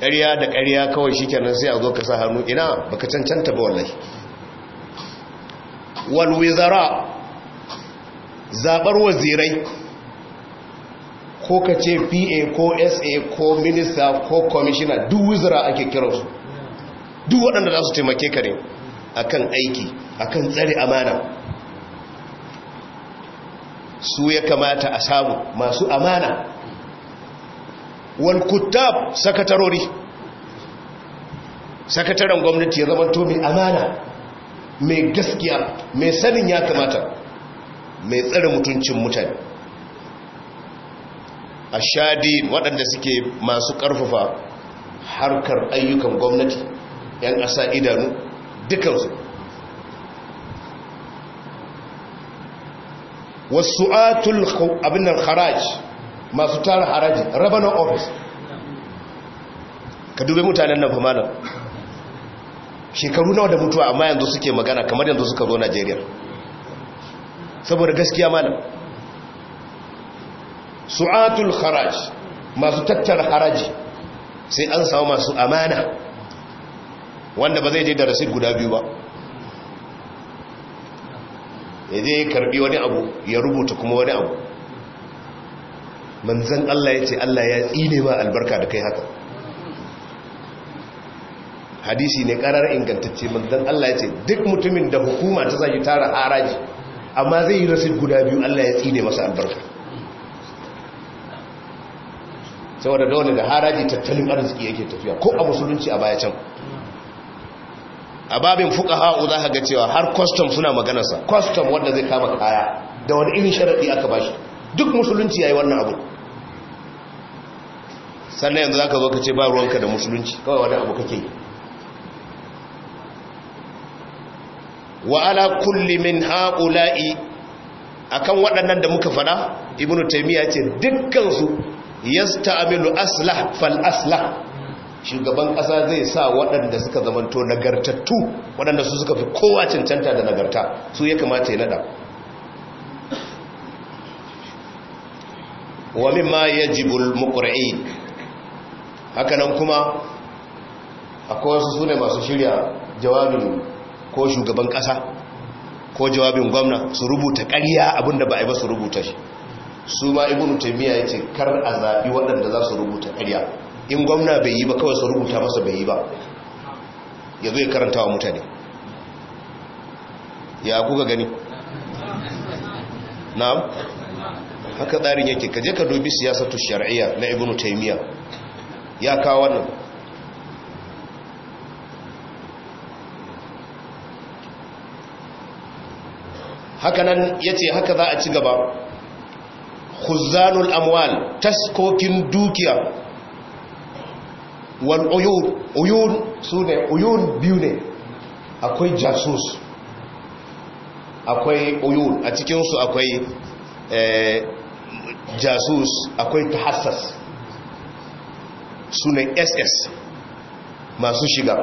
A: ƙarya da ƙarya kawai shi kenan sai a zo ka sa hannu ina baka cancanta ba wallahi walwizara zaɓar wazirai ko ka ce pa ko sa ko minista ko kwamishina duk wizara ake su. duk waɗanda za su taimake ka ne akan aiki akan tsare amana su ya kamata a samu masu amana walkuttab sakatarori sakataren gwamnati ya zamanto mai amana mai gaskiya mai sanin ya kamata mai tsare mutuncin mutane a shadi waɗanda suke masu ƙarfafa harkar ayyukan gwamnati 'yan ƙasa idanu dukansu wasu'atul abin da haraj masu tara haraji revenue office ka dube mutanen nan fa shekaru nawa da mutuwa amma yanzu suke magana kamar yanzu suka zo Najeriya saboda gaskiya malam su'atul haraj masu tattara haraji sai an samu masu amana wanda ba zai je da rasid guda biyu ba ya zai ya karbi wani abu ya rubuta kuma wani abu manzan Allah ya ce Allah ya tsine ma albarka da kai haka hadisi ne karar ingantacce manzan Allah ya ce duk mutumin da hukuma ta zai tara haraji amma zai yi rasu guda biyu Allah ya tsine masa albarka saboda dole da haraji tattalin arziki yake tafiya ko a musulunci a baya can a babin ha'u za ka ga cewa har custom suna maganarsa custom wanda zai kama kaya da wani irin sharaɗi aka ba shi. duk musulunci yayi wannan abu sannan yanzu za ka zo ka ce ba ruwanka da musulunci kawai wani abu kake wa ala kulli min a kan waɗannan da muka fada Ibn taimiyya ce dukkan su yasta'milu aslah fal aslah shugaban ƙasa zai sa waɗanda suka zamanto nagartattu waɗanda su suka fi kowa cancanta da nagarta su ya kamata ya nada wa ya jibul mukura'i hakanan kuma akwai wasu ne masu shirya jawabin ko shugaban ƙasa ko jawabin gwamna su rubuta ƙarya abinda ba a yi ba su rubuta shi su ma ibnu ya ce kar a zaɓi waɗanda za su rubuta ƙarya in gwamna bai yi ba kawai su rubuta masa bai yi ba ya zai karanta wa mutane ya kuka gani na'am haka tsarin yake ka je ka dubi siyasatu shar'iyya na ibnu taimiyya ya kawo wannan haka nan yace haka za a ci gaba khuzanul amwal taskokin dukiya wal uyun uyun su ne uyun biyu ne akwai jasus akwai uyun a cikinsu akwai eh, jasus akwai tahassas su ne ss masu shiga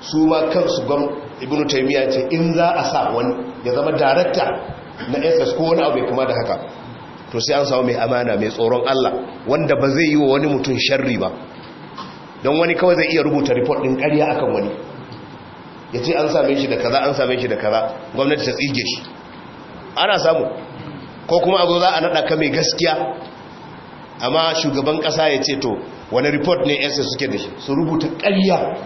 A: su ma kansu gwam ibn taimiyya ce in za a sa wani ya zama darakta na ss ko wani abu ya kuma da haka to sai an samu mai amana mai tsoron allah wanda ba zai yi wa wani mutum sharri ba don wani kawai zai iya rubuta report din ƙarya akan wani ya ce an same shi da kaza an same shi da kaza gwamnati ta tsige shi ana samu ko kuma a zo za a naɗa ka mai gaskiya amma shugaban ƙasa ya ce to wani report ne yasa suke da shi su rubuta ƙarya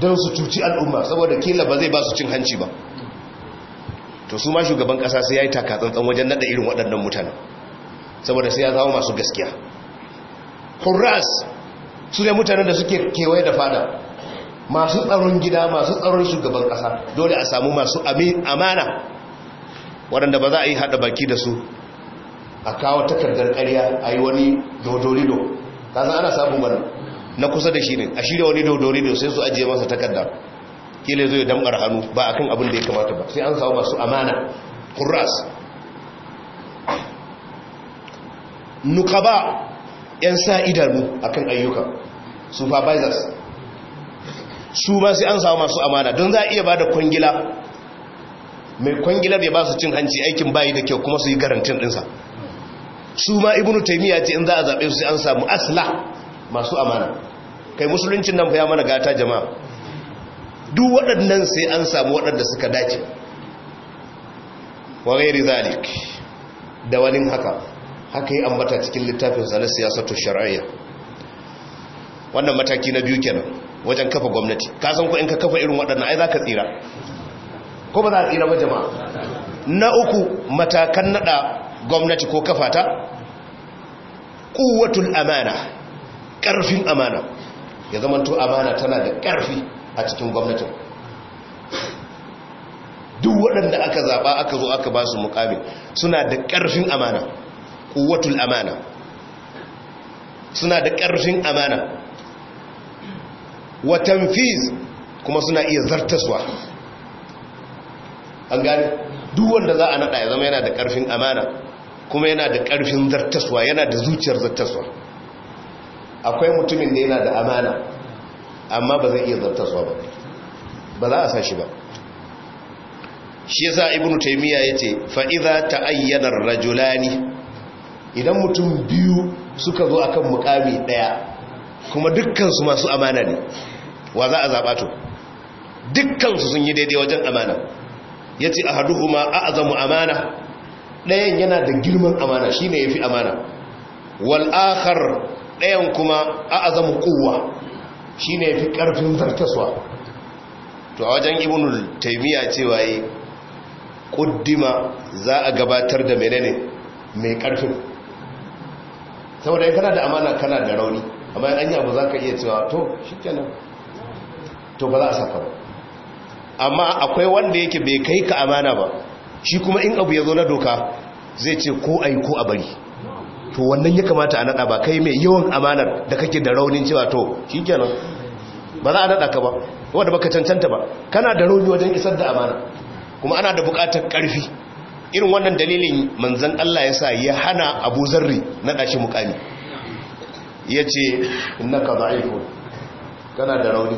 A: don su cuci al'umma saboda kila ba zai ba su cin hanci ba to su ma shugaban ƙasa sai ya yi takatsantsan wajen naɗa irin waɗannan mutane saboda sai ya zama masu gaskiya hurras su ne mutanen da suke kewaye da fada masu tsaron gida masu tsaron shugaban kasa dole a samu masu amana waɗanda ba za a yi haɗa baki da su a kawo takardar ƙarya a yi wani dodorido ta zan ana sabon wani na kusa da shi ne a shirya wani dodorido sai su ajiye masa takarda kila zai damar hannu ba a kan abin da ya kamata ba sai an samu masu amana kurras nukaba 'yan sa idanu akan ayyuka supervisors su ba sai an samu masu amana don za a iya ba da kwangila mai kwangilar ya ba su cin hanci aikin bayi da kyau kuma su yi garantin ɗinsa su ma ibnu taimiyya ce in za a zaɓe su sai an samu asla masu amana kai musuluncin nan fa ya mana gata jama'a duk waɗannan sai an samu waɗanda suka dace wa gairi zalik da wani haka haka yi ambata cikin littafinsa na siyasatu shari'a. wannan mataki na biyu kenan wajen kafa gwamnati ka san ko in ka kafa irin waɗannan ai za ka tsira ko ba za a tsira ba jama'a na uku matakan naɗa gwamnati ko kafa ta kuwatul amana ƙarfin amana ya zama to amana tana da ƙarfi a cikin gwamnatin duk waɗanda aka zaɓa aka zo aka ba su mukamin suna da ƙarfin amana kuwatul amana suna da ƙarfin amana Watan fiz kuma suna iya zartaswa an gani duk wanda za a naɗa ya zama yana da ƙarfin amana kuma yana da ƙarfin zartaswa yana da zuciyar zartaswa akwai mutumin da yana da amana amma ba zai iya zartaswa ba ba za a sa shi ba shi sa ibnu taymiya ya ce fa’iza ta ayyanar rajulani idan mutum biyu suka zo a kan mukami daya kuma dukkansu masu amana ne wa za a zaba to dukkansu sun yi daidai wajen amana ya ce a kuma a azamu amana ɗayan yana da girman amana shi ne ya fi amana wal'akar ɗayan kuma a azamu kowa shi ne ya fi ƙarfin zartaswa to a wajen ibinul taimiyya cewa yi ƙuddima za a gabatar da menene mai ƙarfin saboda kana da amana kana da rauni amma an yi abu za ka iya cewa to shi kenan to ba za a saka ba amma akwai wanda yake bai kai ka amana ba shi kuma in abu ya zo na doka zai ce ko a yi ko a bari to wannan ya kamata a naɗa ba kai mai yawan amana da kake da raunin cewa to shi kenan ba za a naɗa ka ba wanda baka cancanta ba kana da rauni wajen isar da amana kuma ana da buƙatar ƙarfi irin wannan dalilin manzan Allah ya sa ya hana abu zarri na ɗashi mukami ya ce na ka za'ifu kana da rauni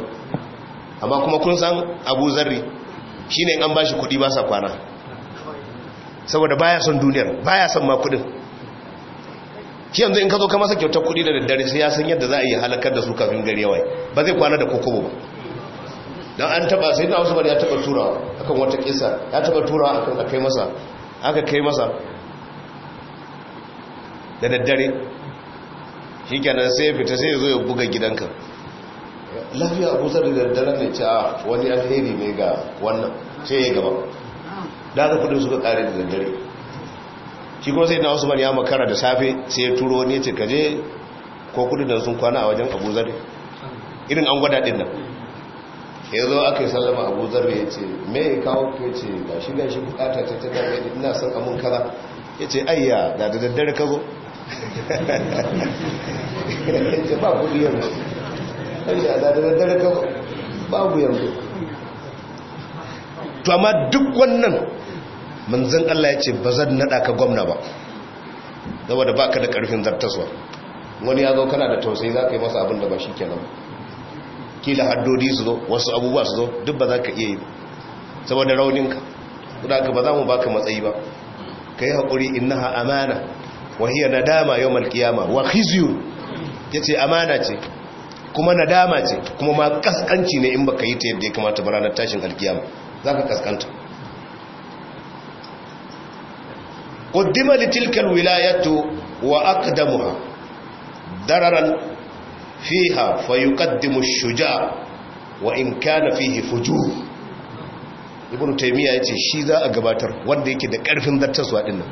A: amma kuma kun san abu zarri shi ne an ba shi kudi ba sa kwana saboda baya son duniyar baya son ma kudin shi yanzu in ka zo ka masa kyautar kudi da daddare sai ya san yadda za a yi halakar da su kafin gari yawai ba zai kwana da kokobo ba don an taba sai na wasu ya taba turawa akan wata kisa ya taba turawa akan akai masa aka kai masa da daddare shi kenan sai ya fita sai ya zo ya buga gidanka lafiya abusar da daddare ne ce a ah, wani alheri ne ga wannan sai ya gaba da aka kudin suka kare da daddare shi kuma sai na wasu ya makara da safe sai ya turo ne ce kaje ko kudin da sun kwana a wajen abuzar irin an gwada din nan ya zo aka yi sallama abu zarra ya ce me ya kawo ku ya ce ga shi gashi bukata ta ta dame ina son amin kaza ya ce ayya da da daddare ka zo ba kudi yanzu ayya da da daddare ka zo babu yanzu to amma duk wannan manzan Allah ya ce ba zan nada ka gwamna ba saboda ba ka da ƙarfin zartaswa wani ya zo kana da tausayi za ka yi masa abin da ba shi kenan kila haddodi su zo wasu abubuwa su zo duk ba za ka iya yi ba saboda rauninka ka ba za mu baka matsayi ba ka yi haƙuri inna ha amana wahiyya nadama yau malkiyama wa khizyu ya ce amana ce kuma nadama ce kuma ma kaskanci ne in baka yi ta yadda ya kamata ba ranar tashin alkiyama za ka kaskanta ƙuddima litilkar wilayatu wa aqdamuha dararan fiha فيقدم shuja wa in فيه فجور Ibn ibnu taymiya yace shi za a gabatar wanda yake da karfin zattaswa din nan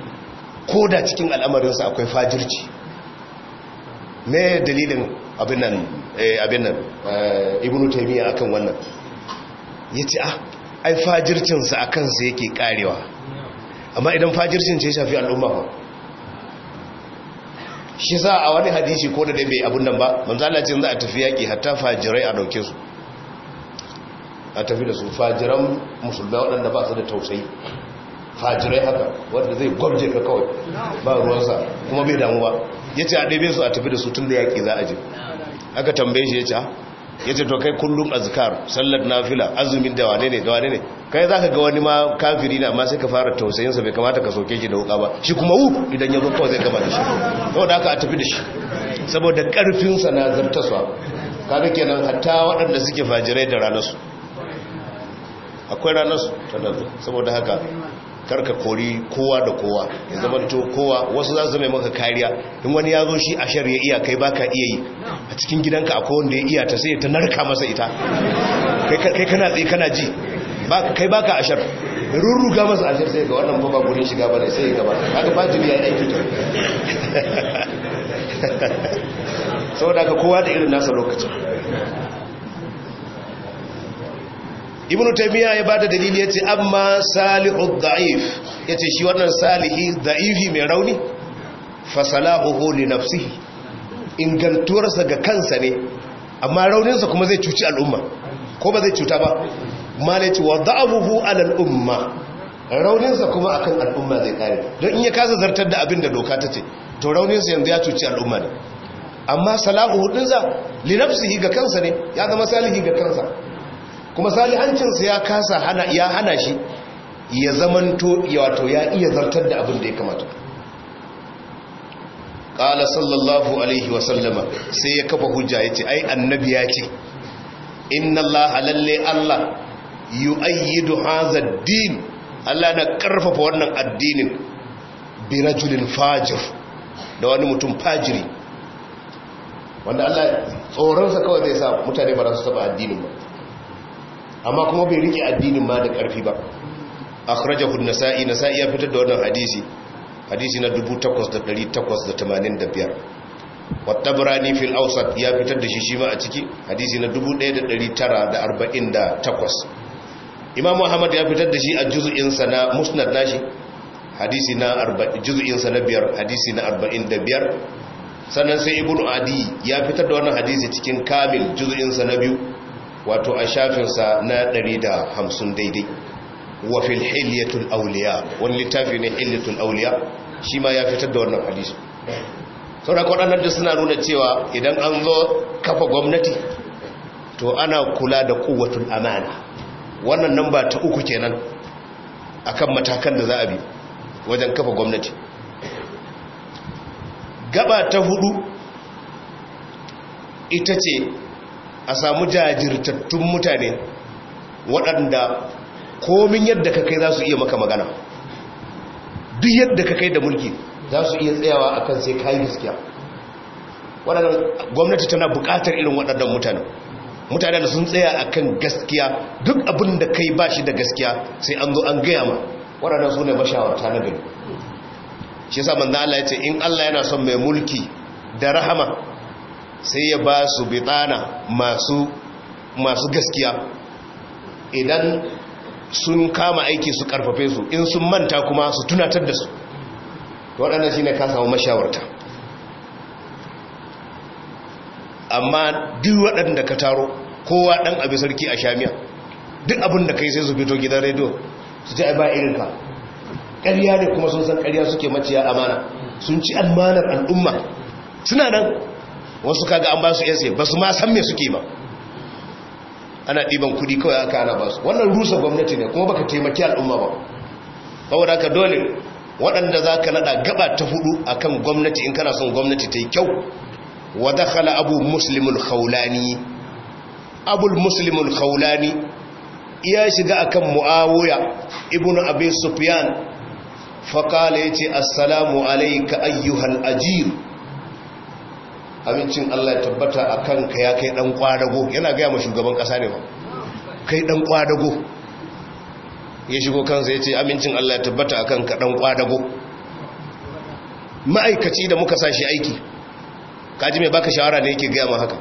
A: koda cikin al'amarin sa akwai fajirci me dalilin abin nan eh, abin nan eh, ibn taymiya akan wannan yace ah ai fajircin sa akan sa yake karewa amma idan fajircin ce shafi al'umma ba shi sa a wani hadisi ko da dai bai abun nan ba manzo Allah ce za a tafi yaki hatta fajirai a dauke su a tafi da su fajiran musulmai waɗanda ba su da tausayi fajirai haka wanda zai gwamje ka kawai ba ruwansa kuma bai damu ba ya ce a bai su a tafi da su tun da yaƙi za a je aka tambaye shi ya ce ah, ya ce to kai kullum azkar sallar nafila azumin da wane ne da wane ne kai za ka ga wani ma kafiri na amma sai ka fara tausayinsa bai kamata ka soke shi da wuka ba shi kuma wu idan ya kawai zai gaba da shi saboda haka a tafi da shi saboda karfinsa na zartaswa kaga kenan hatta waɗanda suke fajirai da ranarsu akwai ranarsu saboda haka karka kori kowa da kowa ya zama to kowa wasu za su maimaka maka kariya in wani ya zo shi a shar ya iya kai baka iya yi a cikin gidanka akwai wanda ya iya ta sai ta narka masa ita kai kana tsaye kana ji kai baka a shar rurruga masa a shar sai ga wannan baba gurin shiga bane sai gaba haka fajiri ya yi aiki to saboda ka kowa da irin nasa lokacin Ibn taymiya ya bada dalili yace amma salihu da'if yace shi wannan salihi dha'ifi mai rauni fa Salahu li nafsihi ingantuwarsa ga kansa ne amma rauninsa kuma zai cuci al'umma ko ba zai cuta ba malaci wa 'ala alal umma rauninsa kuma akan al'umma zai kare don in ya kasa zartar da abin da doka ta ce to rauninsa yanzu ya cuci al'umma ne amma salahu dinsa li nafsihi ga kansa ne ya zama salihi ga kansa kuma salihancinsa ya kasa hana ya hana shi ya zamanto ya wato ya iya zartar da abin da ya kamata qala sallallahu alaihi wa sallama sai ya kafa hujja yace ai annabi ya ce inna allaha lalle allah yu'ayyidu hadha ad-din allah na karfafa wannan addinin bi rajulin fajir da wani mutum fajiri wanda Allah tsoronsa kawai zai sa mutane ba su taba addinin ba amma kuma bai rike addinin ma da ƙarfi ba akhrajahu an-nasa'i nasa'i ya fitar da wannan hadisi hadisi na 8885 wat-tabrani fil awsat ya fitar da shi shi ma a ciki hadisi na 1948 imam muhammad ya fitar da shi a juz'in sa na musnad nashi hadisi na 40 juz'in sa na biyar hadisi na 45 sannan sai ibnu adi ya fitar da wannan hadisi cikin kamil juz'in na biyu wato a shafinsa na 150 daidai wa fil hilyatul awliya wani littafi ne hilyatul awliya shi ma ya fitar da wannan hadisi saboda waɗannan da suna nuna cewa idan an zo kafa gwamnati to ana kula da kuwatul amana wannan nan ba ta uku kenan akan matakan da za a bi wajen kafa gwamnati gaba ta hudu ita ce a samu jajirtattun mutane waɗanda komin yadda ka kai za su iya maka magana duk yadda ka kai da mulki za su iya tsayawa a kan sai kayi gaskiya waɗanda gwamnati tana buƙatar irin waɗannan mutane mutane da sun tsaya a kan gaskiya duk abin da kai ba shi da gaskiya sai an zo an gaya ma waɗanda su ne mashawarta na gari shi sa manzan Allah ya ce in Allah yana son mai mulki da rahama sai ya ba su bitana masu masu gaskiya idan sun kama aiki su karfafe su in sun manta kuma su tunatar da su waɗanda shi ne ka samu mashawarta amma duk waɗanda ka taro kowa ɗan abin sarki a shamiya duk abin da kai sai su fito gidan rediyo su ce ba ka. ƙarya ne kuma sun san ƙarya suke maciya amana sun ci amanar al'umma suna nan wasu kaga an ba su ba su ma san me suke ba ana ɗiban kuɗi kawai aka ana ba su wannan rusa gwamnati ne kuma baka taimaki al'umma ba saboda haka dole waɗanda za ka naɗa gaba ta hudu akan gwamnati in kana son gwamnati ta yi kyau wa dakhala abu muslimul khawlani abul muslimul khawlani iya shiga akan muawiya ibnu abi sufyan fa qala yace assalamu alayka ayyuhal ajir abincin Allah ya tabbata a kanka ya kai ɗan ƙwadago, yana gaya ma shugaban ƙasa ne ba kai ɗan ƙwadago. ya shigo kansa ya ce amincin Allah ya tabbata a kanka ɗan ƙwadago. ma'aikaci da muka sa shi aiki kaji mai baka shawara ne yake gaya ma haka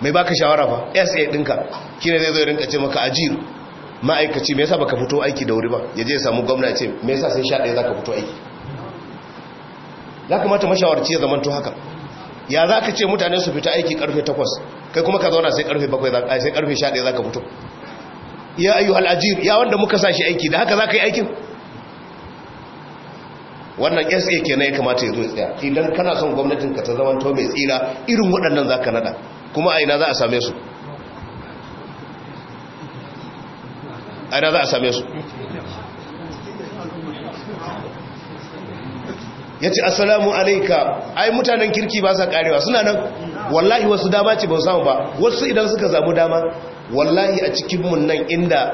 A: mai baka shawara fa SA ɗinka. kina zai zai rinka ce maka ajiyar ma'aikaci me yasa baka fito aiki da wuri ba ya je samu gwamna ce me yasa sai sha ɗaya zaka fito aiki ya kamata mashawarci ya zamanto haka ya za ka ce mutane su fita aiki karfe 8 kai kuma ka zauna sai karfe 7 sai karfe 11 za ka fito ya ayyu al'ajir ya wanda muka sa shi aiki da haka za ka yi aikin wannan sa kenan ya kamata ya zo ya tsaya idan kana son gwamnatin ka ta zama to mai tsira irin waɗannan za ka nada kuma a za a same su a ina za a same su ya ce assalamu alaika ai mutanen kirki ba sa karewa suna nan wallahi wasu dama ce ba samu ba wasu idan suka zamu dama wallahi a cikinmu nan inda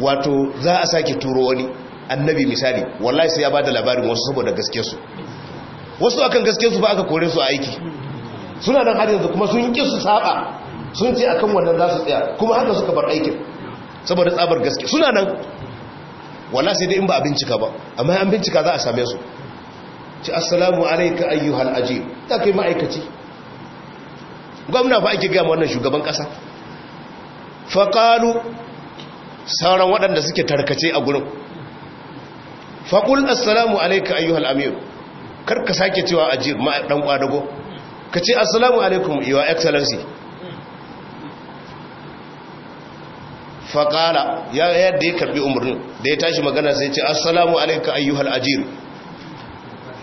A: wato za a sake turo wani annabi misali wallahi sai ya ba da labarin wasu saboda gaskiyarsu wasu akan gaskiyarsu ba aka kore su a aiki suna nan har yanzu kuma sun yi su saba sun ce akan wannan za su tsaya kuma haka suka bar aikin saboda tsabar gaske suna nan wallahi sai dai in ba a bincika ba amma an bincika za a same su ci assalamu alaika ayyuhal ajib ta kai ma'aikaci gwamna fa ake gama wannan shugaban kasa faƙalu sauran waɗanda suke tarkace a gurin faƙul assalamu alaika ayyuhal amir kar ka sake cewa ajib ɗan ƙwadago ka ce assalamu alaikum iwa excellency faƙala ya yadda ya karbi umarnin da ya tashi magana sai ce assalamu alaika ayyuhal ajiyar.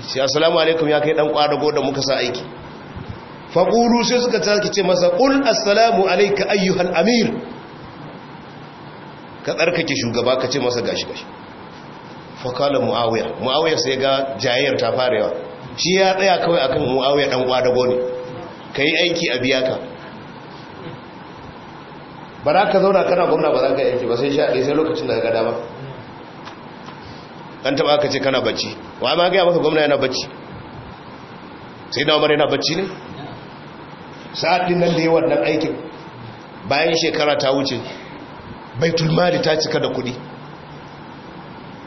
A: sai assalamu alaikum ya kai dan kwadago da muka sa aiki faƙulu sai suka taki ce masa qul assalamu alaika ayyuhal amir ka tsarkake shugaba ka ce masa gashi gashi kala muawiya muawiya sai ga jayyar ta farewa shi ya tsaya kawai akan muawiya ɗan kwadago ne ka aiki a biyaka. ka ba ka zauna kana gwamna ba za ka yanki ba sai sha sai lokacin da ka gada ba an taba aka ce kana bacci wa ma gaya maka gwamna yana bacci sai na umar yana bacci ne din nan da yi wannan aikin bayan shekara ta wuce baitul mali ta cika da kudi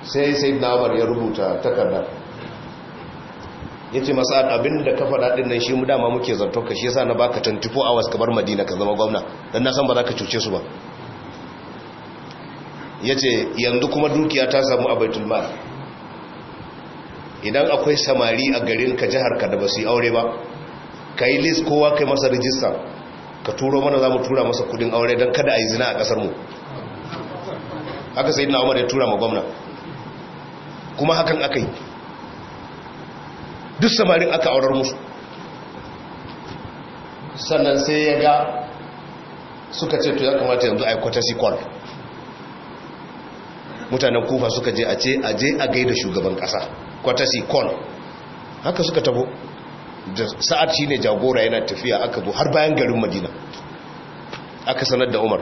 A: sai sai na umar ya rubuta takarda ya ce masa abin da ka faɗa nan shi mu dama muke zartonka shi yasa na baka 24 hours kamar madina ka zama gwamna don na san ba za ka cuce su ba ya ce yanzu kuma dukiya ta samu a Baitulmar idan akwai samari a garin ka jihar ka da ba su yi aure ba ka yi list kowa kai masa rijista ka turo mana za mu tura masa kudin aure don kada a yi zina a kasar mu haka sai na umar ya tura ma gwamna kuma hakan aka yi duk samarin aka aurar musu sannan sai ya ga suka ce to ya kamata yanzu a yi kwata sequel mutanen kufa suka je a ce a je a gaida shugaban kasa kwatasi kon haka suka tabo da sa'ad shine jagora yana tafiya aka zo har bayan garin madina aka sanar da umar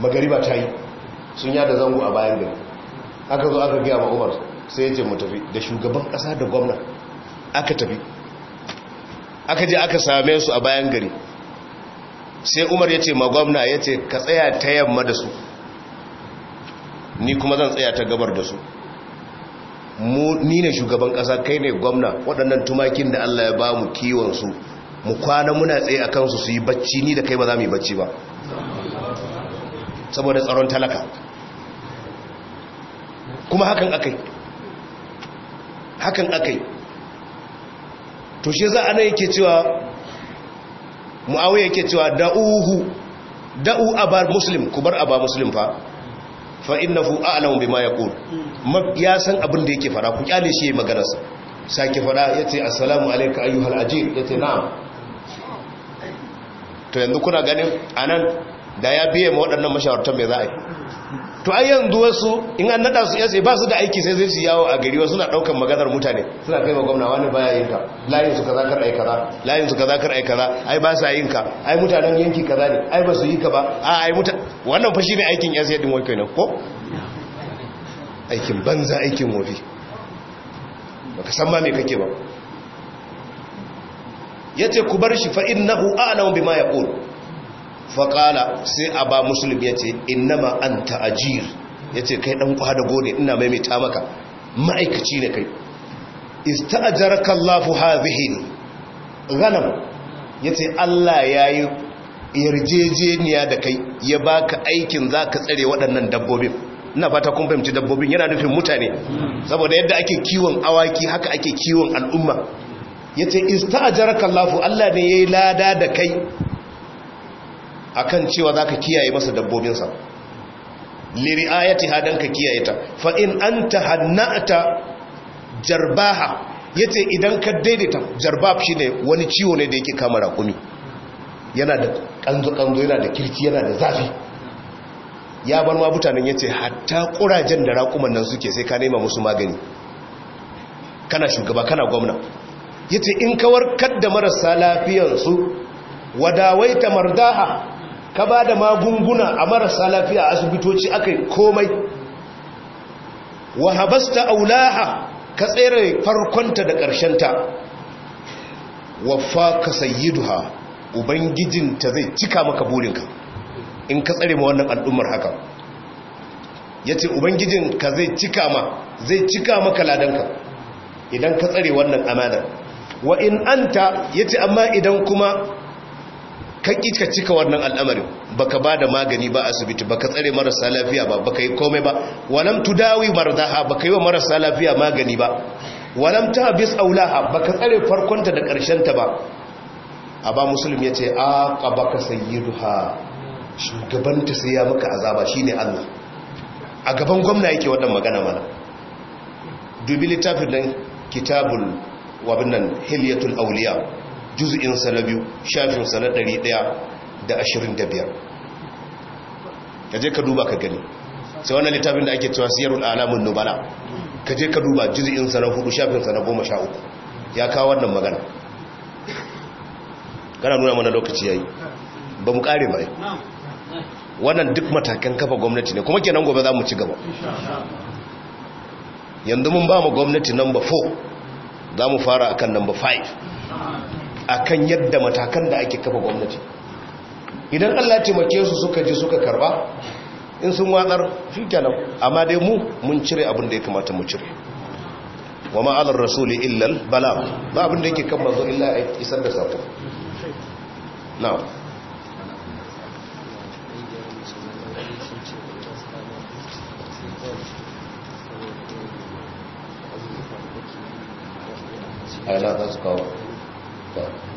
A: magariba ta yi sun yada zango a bayan gari aka zo aka gaya ma umar sai ya ce mu tafi da shugaban kasa da gwamna aka tafi aka je aka same su a bayan gari sai umar ya ce ma gwamna ya ce ka tsaya ta yamma da su ni kuma zan tsaya ta gabar da su ni ne shugaban ƙasa kai ne gwamna waɗannan tumakin da Allah ya ba mu kiwonsu mu kwana muna tsaye a kansu su yi bacci ni da kai ba za mu yi bacci ba saboda tsaron talaka kuma hakan akai hakan akai to shi za a nan yake cewa mu'awiyar yake cewa da'uhu da'u abar muslim ku bar aba muslim fa fa innahu a'lamu bima yaqul ya san abin da yake fara ku kyale shi yayin sake fara yace assalamu alayka ayyuhal ajir yace na'am to yanzu kuna ganin anan da ya biye ma waɗannan mashawartan mai za a yi to ai yanzu wasu in an nada su yasa ba su da aiki sai zai su yawo a gari wasu na daukan maganar mutane suna kai ma gwamna wani baya yinka layin su kaza kar ai kaza layin su kaza kar ai kaza ai ba sa yinka ai mutanen yanki kaza ne ai ba su yi ka ba a ai muta wannan fa ne aikin yasa din wai kenan ko aikin banza aikin wofi baka san ma me kake ba yace ku bar shi fa innahu a'lamu bima yaqul faƙala sai a ba musulmi ya ce innama an ta'ajir ya ce kai ɗan kwada gode ina maimita maka ma'aikaci ne kai ista'ajar kallafu hazihin ganam ya ce allah ya yi yarjejeniya da kai ya baka aikin za ka tsare waɗannan dabbobin ina fata kun fahimci dabbobin yana nufin mutane saboda yadda ake kiwon awaki haka ake kiwon al'umma ya ce ista'ajar kallafu allah ne ya yi lada da kai akan cewa za ka kiyaye masa dabbobinsa ayati hadan ka kiyaye ta fa in anta hanna'ta jarbaha yace idan ka daidaita jarbab shine wani ciwo ne da yake kama rakumi yana da kanzo kanzo yana da kirki yana da zafi ya bar ma mutanen yace hatta kurajen da rakuman nan suke sai ka nema musu magani kana shugaba kana gwamna yace in ka warkar da marasa lafiyansu wadawaita mardaha ka ba da magunguna a marasa lafiya asibitoci aka yi komai wahabasta aulaha ka tsere farkonta da ƙarshenta fa ka sayyiduha ubangijinta zai cika maka burinka in ka tsare ma wannan al'ummar haka ya ce ubangijinka zai cika ma zai cika maka ladanka idan ka tsare wannan amanar wa in anta ya ce amma idan kuma ka ka cika wannan al'amarin baka ba da magani ba asibiti baka tsare marasa lafiya ba baka yi komai ba walam tudawi mardaha baka yi wa marasa lafiya magani ba walam tahbis aulaha baka tsare farkonta da ta ba musulmi ya ce a qabaka sayyiduha shugabanta sai ya maka azaba shine Allah a gaban gwamna yake wannan magana mana dubi littafin nan kitabul wabnan hilyatul awliya juz'in sa na biyu shafin sa na 125 kaje ka duba ka gani sai wannan littafin da ake cewa siyarul alamun nubala kaje ka duba juz'in sa na 4 shafin sa na 13 ya kawo wannan magana kana nuna mana lokaci yayi ba mu kare ba wannan duk matakan kafa gwamnati ne kuma kenan gobe za mu ci gaba yanzu mun ba mu gwamnati number 4 za mu fara akan number akan yadda matakan da ake kafa gwamnati idan Allah taimake su suka ji suka karba in sun watsar shikenan amma dai mu mun cire abin da ya kamata mu cire wa ma'alar rasuli illal bala ba abin da yake kan mazo illa a isar da sako now ayala za su So